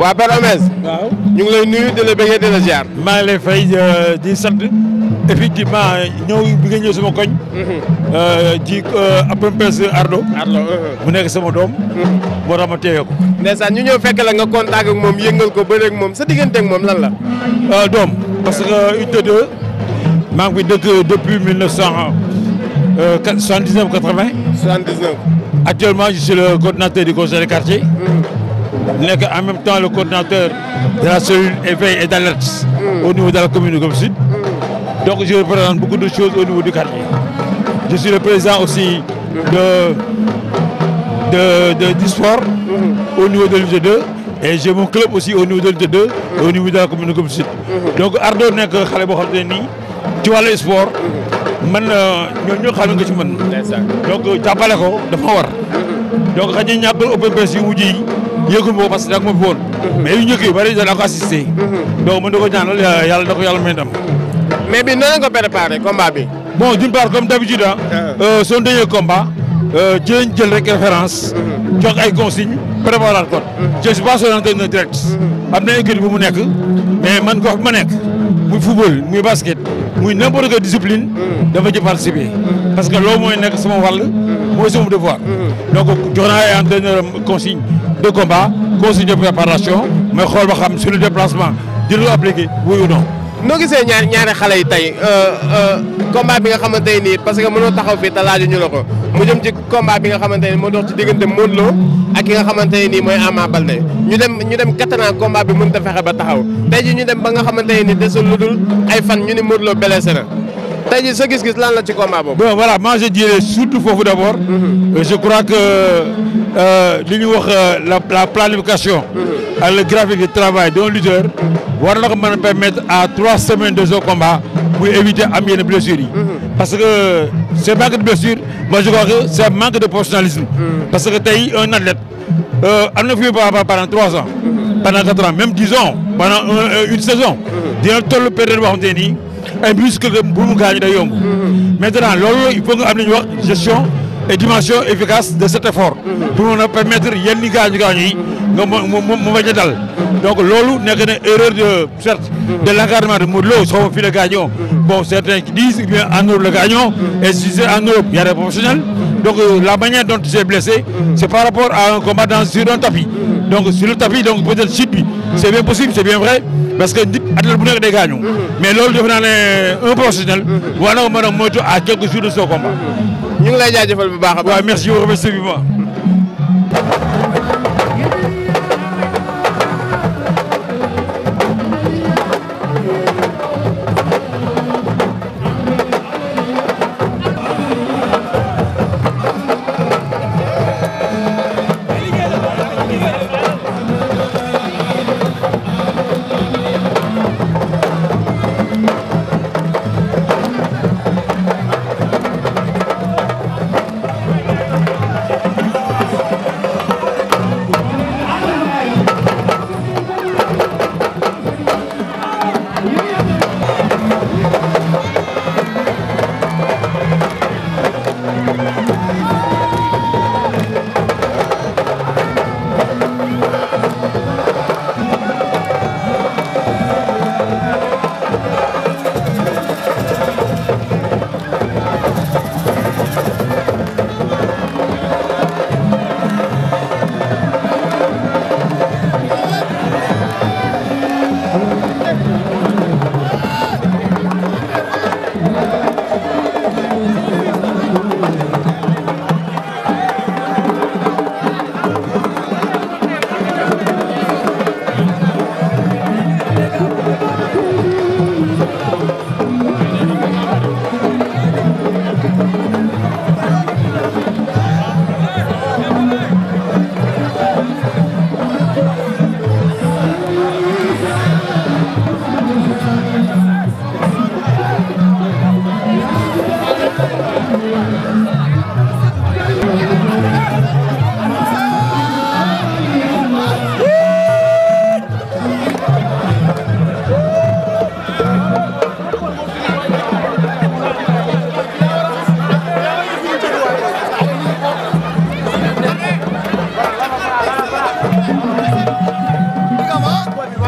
waa Père waaw ñu ngi lay nuyu di la bëggee di la ziar. maa ngi lay fay euh, di sant effectivement ñëw bi nga ñëw sama koñ. ji mhm. euh, euh, apprenti Ardo. Ardo mu nekk sama doom. Mhm. moo tax ma teeyoo ko. ndeysaan ñu ñëw fekk la nga contact ak moom yëngal ko bëreeg moom sa diggante ak moom lan la. doom parce que unité 2 maa ngi fi dëkk depuis mille neuf cent soixante dix neuf quatre vingt. soixante dix neuf. actuellement je le coordinateur du conseil de quartier. Mhm. nekk en même temps le coordinateur de la cellule éveil et d'alerte mm. au niveau de la commune de Golf Sud mm. donc je représente beaucoup de choses au niveau du quartier je suis le aussi mm. de de de du au niveau de l'UT2 et j'ai mon club au niveau de l'UT2 au niveau de la commune de Golf donc Ardo nekk xale boo xam ne nii ci man ñooñu euh, ñoo xam nga ci man donc jàppale ko yëgul ma ko parce que nekk ma fi woon. mais yu njëkk yu bëri da ko assisté. donc mën na ko ñaanal euh, yàlla na ko yàlla bi nan nga ko préparé bi. bon d'une part comme d'habitude ah. Euh, son dernier combat. ci euh, lañ jël rek référence. Mm-hmm. jox ay consignes préparer ko. Mm-hmm. je suis pas son direct. Mm-hmm. am na équipe bu mu nekk. mais man gox ma nekk. muy football muy basket. muy n'importe quelle discipline. dafa ci participer. parce que loo mooy nekk sama wàll. mooy sama devoir. donc jox naa ay entraîneur de combat consigne préparation mooy xool ba xam sur le déplacement dina la appliqué oui ou non. noo gisee ñaari ñaari xale yi tey euh, euh, combat bi nga xamante nii parce que mënoo taxaw fii te laaju ñu ko mu jëm ci combat bi nga xamante ne moo dox ci diggante Modou Lo ak ki nga xamante ne nii mooy Ama Baldé ñu dem ñu dem quatre ans combat bi mënut a fexe ba taxaw tey ji ñu dem ba nga xamante ne nii desul lu dul ay fan ñu ni Modou Lo blessé na. te jii sa gis la ci combat boobu. bon voilà moi je dirais surtout foofu d'abord. Mm-hmm. Euh, je crois que euh, li ñuy wax euh, la la planification. Mm-hmm. ak le graphique de travail d'un lutteur. war na a permettre à trois semaines de ce combat muy éviter am yenn blessures yi. Mm-hmm. parce que c'est manque de blessure moi je crois que c'est manque de professionnalisme. parce que tey un athlète am na fi ba pendant trois ans. pendant même dix ans pendant une saison. dina toll période boo xamante ay muscle bu mu gaañu day yomb. maintenant loolu il faut nga am wax gestion et dimension efficace de cet effort. pour mën a permettre yenn gaañu gaañu yi nga a dal. donc loolu nekk na erreur de certes de l'encadrement de Modou Lo xaw la gaañoo bon certains qui en Europe la gaañoo et si c'est en Europe y a des professionnels donc euh, la manière dont tu blessé c'est bien possible c'est bien vrai parce que athlète bu nekk day gaañu. Mhm. mais loolu defe naa ne euh, un professionnel. Mhm. war na mën a moytu à quelques jours de son combat. Mhm. ñu ngi lay jaajëfal bu baax a baax. waaw merci beaucoup merci beaucoup.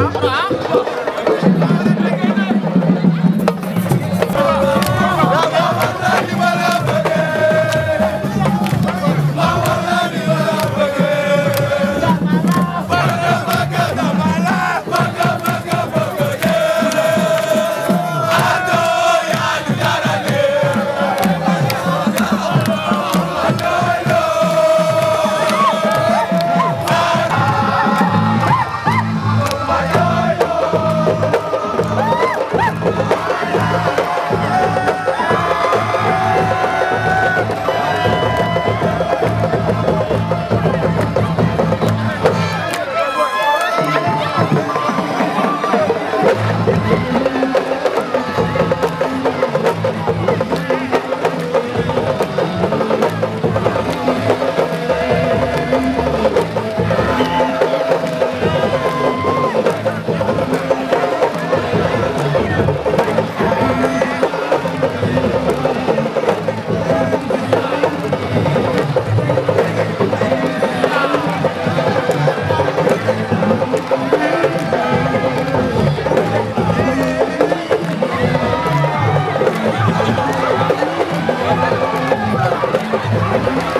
waaw waaw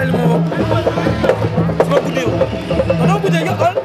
alimo sama guddi yow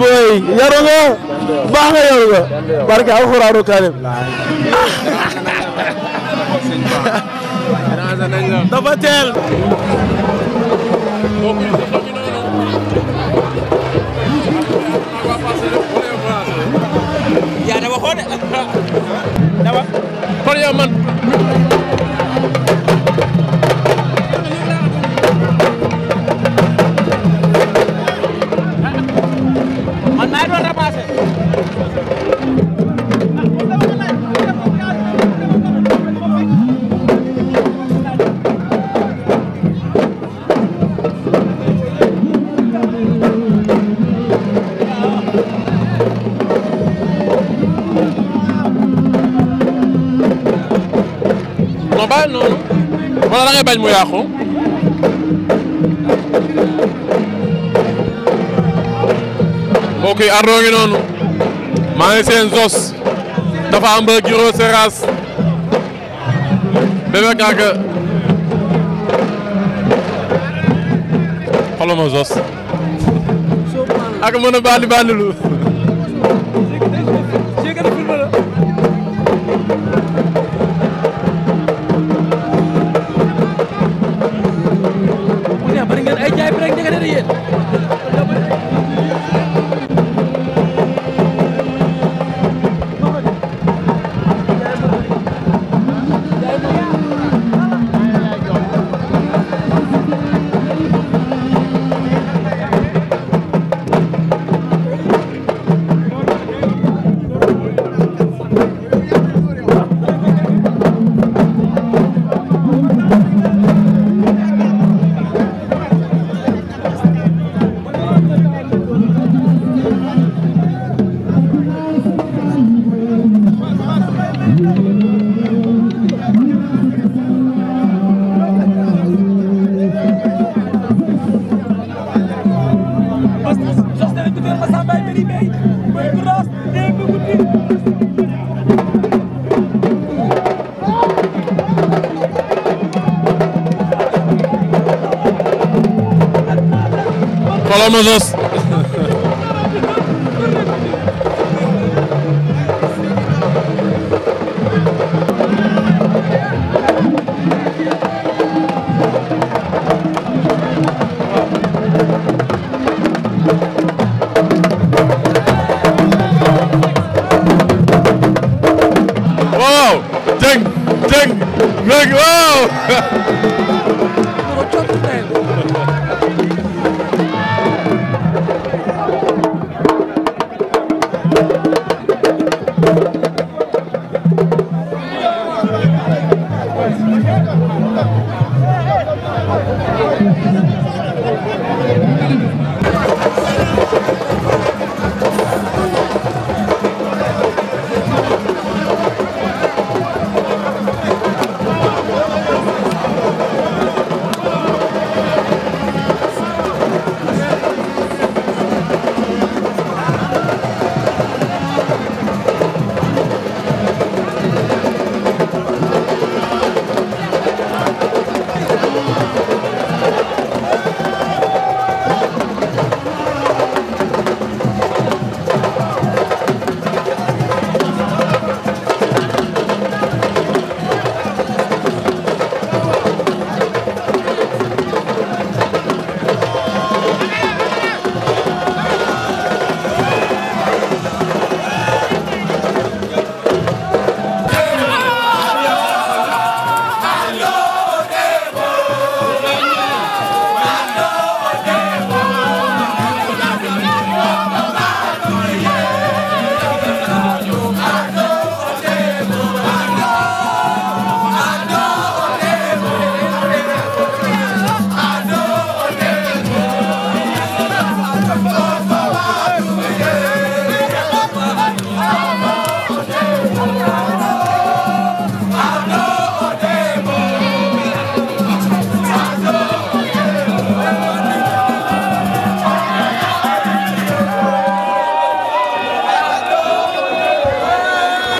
booy yaru baax nga yaru nga barke alxuraanu dafa teel kon yow bàyyil noonu wala da ngay bañ mu yàqu mbokk yi maa ngi seen Zos dafa am ba Giro Seras Bébé Garga xoloma Zos ak mën a bandi bandilu mosos Wow! Jeng! Jeng! Jeng! Wow!